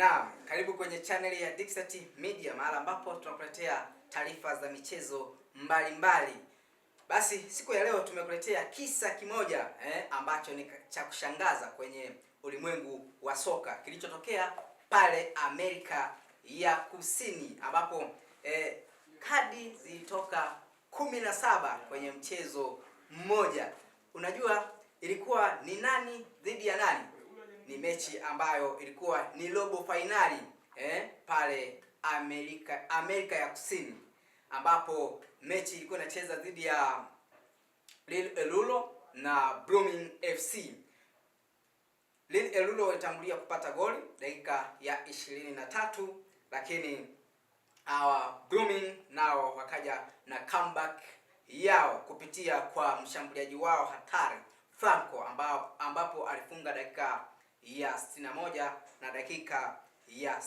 Na karibu kwenye chaneli ya Dicksat Media mahali ambapo tunakuletea taarifa za michezo mbalimbali mbali. Basi siku ya leo tumekuletea kisa kimoja eh, ambacho ni cha kushangaza kwenye ulimwengu wa soka kilichotokea pale Amerika ya Kusini ambapo eh, kadi zilitoka kumi na saba kwenye mchezo mmoja. Unajua ilikuwa ni nani dhidi ya nani? ni mechi ambayo ilikuwa ni robo fainali eh, pale Amerika Amerika ya Kusini ambapo mechi ilikuwa inacheza dhidi ya Lil Elulo na Blooming FC. Lil Elulo walitangulia kupata goli dakika ya ishirini na tatu lakini hawa Blooming nao wakaja na comeback yao kupitia kwa mshambuliaji wao hatari Franco ambapo, ambapo alifunga dakika ya 61 na dakika ya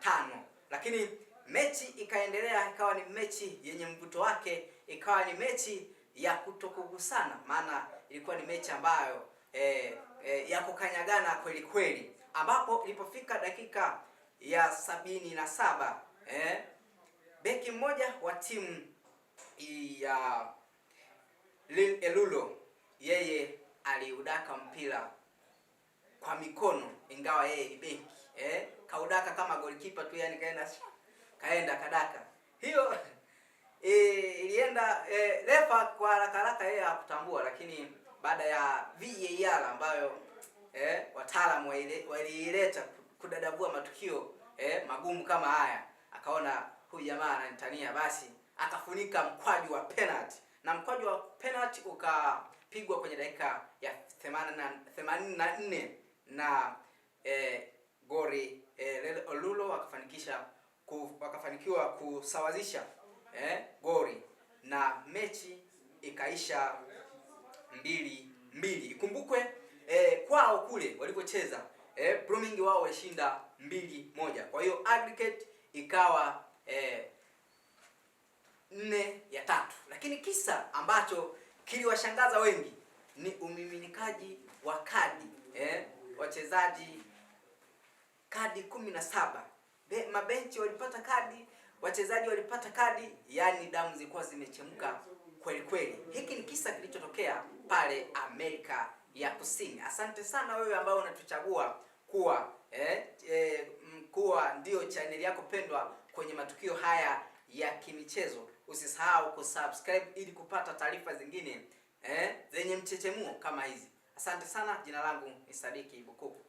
tano lakini mechi ikaendelea, ikawa ni mechi yenye mvuto wake, ikawa ni mechi ya kutokugusana, maana ilikuwa ni mechi ambayo e, e, ya kukanyagana kweli kweli, ambapo ilipofika dakika ya sabini na saba e, beki mmoja wa timu ya Lil Elulo yeye aliudaka mpira kwa mikono, ingawa yeye ni beki eh, kaudaka kama goalkeeper tu, yani kaenda kaenda kadaka hiyo e, ilienda e, refa kwa haraka haraka yeye hakutambua, lakini baada ya VAR ambayo eh, wataalamu waliileta kudadavua matukio eh, magumu kama haya, akaona huyu jamaa ananitania, basi akafunika mkwaju wa penalty na mkwaju wa penalty ukapigwa kwenye dakika ya 84 na eh, Gori eh, Olulo wakafanikisha ku, wakafanikiwa kusawazisha eh, gori na mechi ikaisha mbili mbili. Ikumbukwe eh, kwao kule walipocheza eh, Blooming wao walishinda mbili moja, kwa hiyo aggregate ikawa eh, nne ya tatu, lakini kisa ambacho kiliwashangaza wengi ni umiminikaji wa kadi eh, wachezaji kadi kumi na saba. Be, mabenchi walipata kadi, wachezaji walipata kadi, yani damu zilikuwa zimechemka kweli kweli. Hiki ni kisa kilichotokea pale Amerika ya Kusini. Asante sana wewe ambao unatuchagua kuwa eh, eh, kuwa ndio chaneli yako pendwa kwenye matukio haya ya kimichezo. Usisahau kusubscribe ili kupata taarifa zingine eh, zenye mchechemuo kama hizi. Asante sana, jina langu ni Sadiki Bukuku.